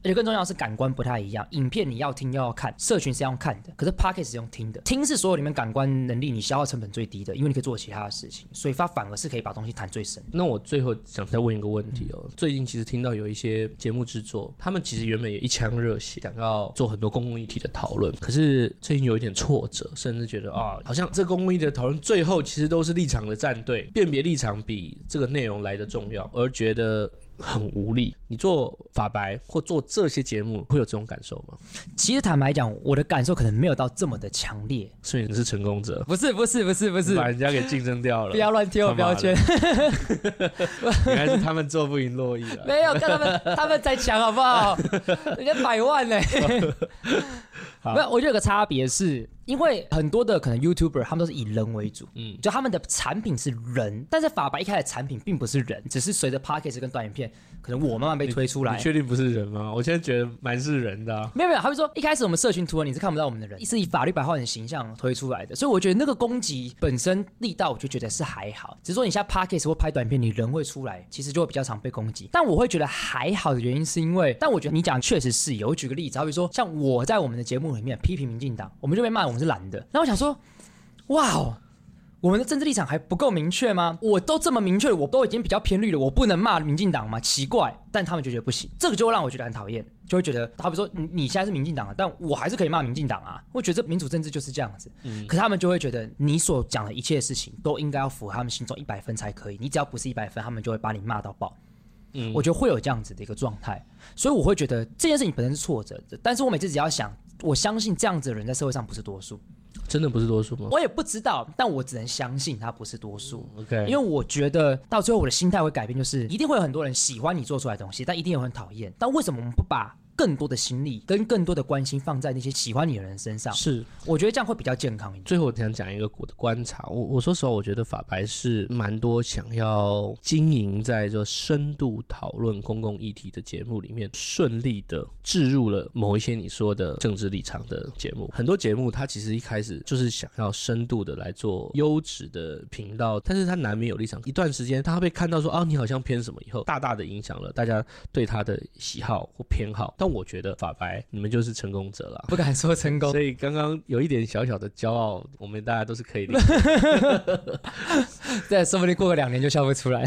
而且更重要的是感官不太一樣，影片，你要聽又要看，社群是要看的，可是 podcast 是用聽的。聽是所有裡面感官能力你消耗成本最低的，因為你可以做其他的事情，所以它反而是可以把東西談最深。那我最後想再問一個問題哦、喔嗯，最近其實聽到有一些節目制作，他們其實原本也一腔熱血，想要做很多公共議題的討論，可是最近有一點挫折，甚至覺得啊，好像這公共議題的討論最後其實都是立場的站隊，辨別立場比這個內容來得重要，而覺得。很無力，你做法白或做這些節目會有這種感受嗎？其實坦白講，我的感受可能沒有到這麼的強烈。所以你是成功者，不是不是不是不是，把人家給競爭掉了。不要亂貼我標籤，應該 (laughs) (laughs) 是他們做不贏珞亦了。 (laughs) 沒有，跟他們他們在搶好不好？ (laughs) 人家百萬呢、欸？沒 (laughs) 有， (laughs) 我就有個差別是。因為很多的可能 YouTuber 他們都是以人為主，嗯，就他們的產品是人，但是法白一開始的產品並不是人，只是隨着 podcast 跟短影片。可能我慢慢被推出來，你確定不是人嗎？我現在覺得蠻是人的、啊。沒有沒有，好比說一開始我們社群圖文你是看不到我們的人，一是以法律白話文的形象推出來的，所以我覺得那個攻擊本身力道，我就覺得是還好。只是說你下 podcast 或拍短片，你人會出來，其實就會比較常被攻擊。但我會覺得還好的原因是因為，但我覺得你講確實是有。我舉個例子，好比說像我在我們的節目裡面批評民進黨，我們就被罵我們是藍的。那我想說，哇哦。我們的政治立場還不夠明確嗎？我都這麼明確，我都已經比較偏綠了，我不能罵民進黨嗎？奇怪，但他們就覺得不行，這個就會讓我覺得很討厭，就會覺得，比如說你你現在是民進黨了,但我還是可以罵民進黨啊。我覺得這民主政治就是這樣子，嗯，可他們就會覺得你所講的一切的事情都應該要符合他們心中一百分才可以，你只要不是一百分，他們就會把你罵到爆，嗯，我覺得會有這樣子的一個狀態，所以我會覺得這件事情本身是挫折的，但是我每次只要想，我相信這樣子的人在社會上不是多數。真的不是多數嗎？我也不知道，但我只能相信他不是多數。Oh, OK，因為我覺得到最後我的心態會改變，就是一定會有很多人喜歡你做出來的東西，但一定有很討厭。但為什麼我們不把更多的心力跟更多的關心放在那些喜歡你的人身上是，是我覺得這樣會比較健康一點最後，我想講一個我的觀察，我我說實話，我覺得法白是蠻多想要經營在說深度討論公共議題的節目裡面，順利的置入了某一些你說的政治立場的節目。很多節目它其實一開始就是想要深度的來做優質的頻道，但是它難免有立場。一段時間，它會被看到說啊，你好像偏什麼，以後大大的影響了大家對它的喜好或偏好。我覺得法白，你們就是成功者了，不敢說成功，所以剛剛有一點小小的驕傲，我們大家都是可以理解的。 (laughs) (laughs) 對，說不定過個兩年就笑不出來。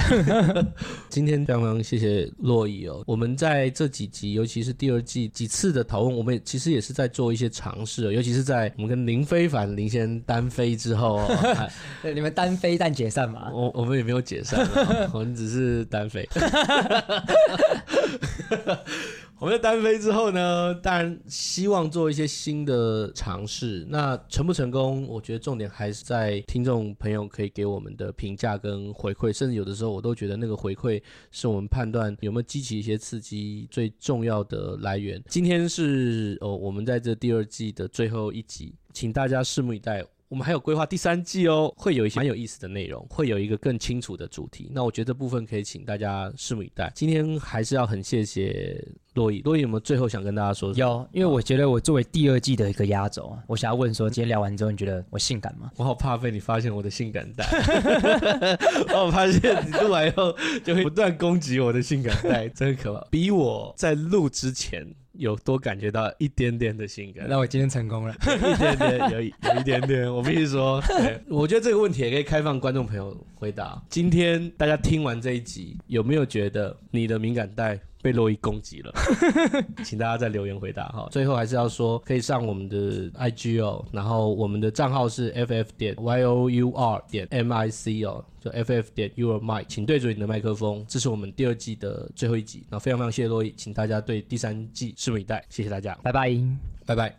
(laughs) 今天剛剛謝謝珞亦哦，我們在這幾集，尤其是第二季幾次的討論，我們其實也是在做一些嘗試，哦，尤其是在我們跟林非凡、林先單飛之後，哦 (laughs) 對，你們單飛但解散嗎？我我們也沒有解散， (laughs) 我們只是單飛。 (laughs) (laughs) 我們在單飛之後呢，當然希望做一些新的嘗試。那成不成功，我覺得重點還是在聽眾朋友可以給我們的評價跟回饋，甚至有的時候我都覺得那個回饋是我們判斷有沒有激起一些刺激最重要的來源。今天是哦，我們在這第二季的最後一集，請大家拭目以待。我們還有規劃第三季哦，會有一些蠻有意思的內容，會有一個更清楚的主題。那我覺得這部分可以請大家拭目以待。今天還是要很謝謝珞亦，珞亦有沒有最後想跟大家說？有，因為我覺得我作為第二季的一個壓軸啊，我想要問說，今天聊完之後，你覺得我性感嗎？我好怕被你發現我的性感帶， (laughs) 我發現你錄完以後就會不斷攻擊我的性感帶，真的可怕。比我在錄之前。有多感覺到一點點的性感。那我今天成功了，一點點，有有一點點。我必須說，我覺得這個問題也可以開放觀眾朋友回答。今天大家聽完這一集，有沒有覺得你的敏感帶？被珞亦攻擊了， (laughs) 請大家再留言回答哈。最後還是要說，可以上我們的 IG 哦、喔，然後我們的賬號是 ff 點 your 點 mic 哦、喔，就 ff 點 your mic 請對準你的麥克風。這是我們第二季的最後一集，那非常非常謝謝珞亦，請大家對第三季拭目以待，謝謝大家，拜拜，拜拜。